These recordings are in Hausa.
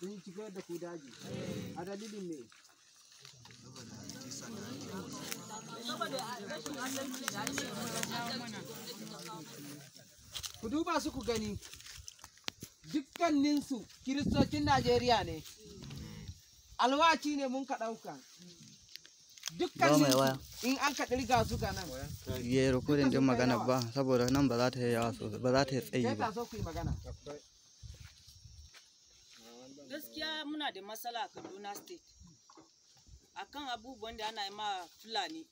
sun shigar da ku daji a dalilin me ku duba su ku gani dukkaninsu kiristocin najeriya ne alwaci ne mun ka ɗauka dukkanin in an ka ɗirga su ga nan ya yi rikodin din magana ba saboda nan ba za ta yi yawa ba za ta yi tsayi ba gaskiya muna da matsala a kaduna state akan abubuwan da ana yi ma fulani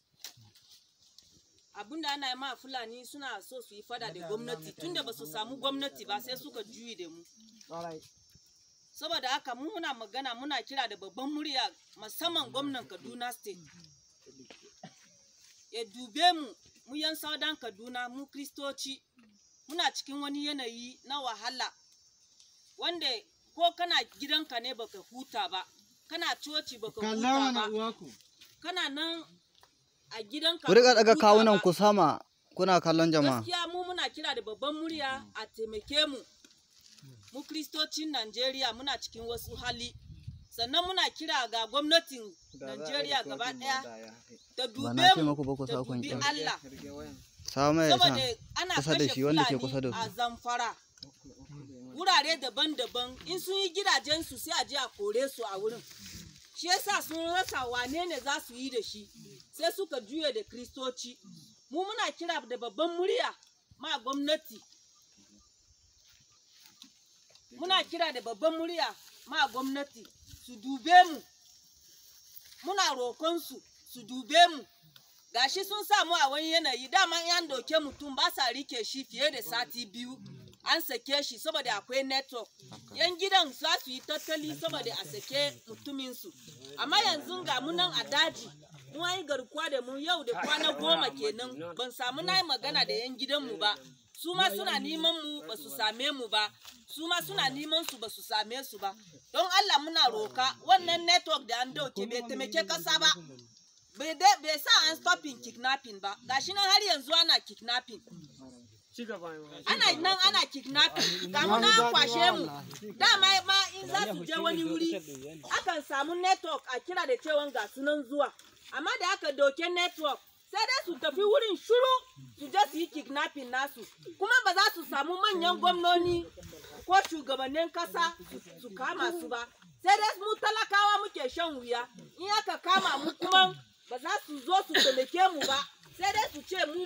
abinda ana yi ma fulani suna so su yi fada da gwamnati tunda ba su samu gwamnati ba sai suka juyi da mu saboda haka mu muna magana muna kira da babban murya musamman gwamnan kaduna state ya dube mu mu yan saudan kaduna mu kristoci muna cikin wani yanayi na wahala wanda ko kana gidanka ne baka huta ba kana coci baka huta ba kana nan a gidanka ka daga kawunan ku sama kuna kallon jama'a gaskiya mu muna kira da babban murya a taimake mu mu kristocin Najeriya muna cikin wasu hali sannan muna kira ga gwamnatin Najeriya gaba daya ta dube mu ta dubi Allah saboda ana kashe Fulani a Zamfara wurare daban-daban in sun yi gidajensu sai a je a kore su a wurin shi yasa sun rasa wane ne za su yi da shi sai suka juya da kristoci mu muna kira da babban murya ma gwamnati muna kira da babban murya ma gwamnati su dube mu muna rokon su dube mu gashi sun samu a wani yanayi dama yan doke mutum ba sa rike shi fiye da sati biyu an sake shi saboda mm. akwai network yan gidan za su yi tattali saboda a sake mutuminsu amma yanzu ga munan a daji mun yi garkuwa da mu yau da kwana goma kenan ban samu na magana da yan gidanmu ba su ma suna neman mu ba su same mu ba su ma suna neman su ba su same su ba don allah muna roka wannan network da an dauke bai taimake kasa ba bai sa an stopping kidnapping ba gashi nan har yanzu ana kidnapping ana nan ana kidnapping ga mu na kwashe mu dama ma in za su je wani wuri akan samu network a kira da cewan ga sunan zuwa amma da aka doke network sai dai su tafi wurin shuru su je su yi kidnapping nasu kuma ba za su samu manyan gwamnoni ko shugabannin kasa su kama su ba sai dai mu talakawa muke shan wuya in aka kama mu kuma ba za su zo su taimake mu ba sai dai su ce mu